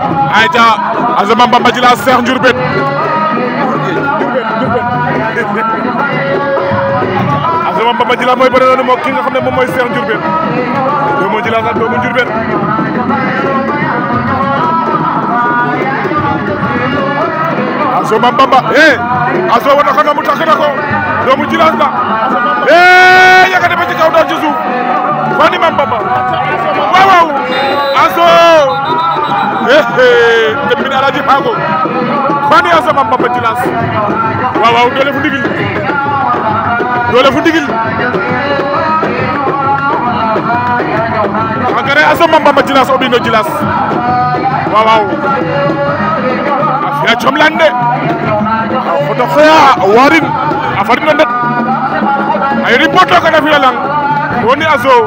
Aïcha Azama Bamba Djilass Cheikh Diourbel Azama Bamba Djilass mooy bëri noonu moom ki nga xam ne moom mooy Cheikh Diourbel doomu Djilass ak doomu Diourbel Azama Bamba eh Azama wane ko na mu takk na ko doomu Djilass la te mbir Alaaji Paago fane o ya sama Papa Djilass wow wow, doole fu ndigil doole fu ndigil akare a ya sama Papa Djilass o ɓino Djilass waaw waaw a fi'a foto xoya warin a farin o ndat a yori boto kana fiya lang woni a soow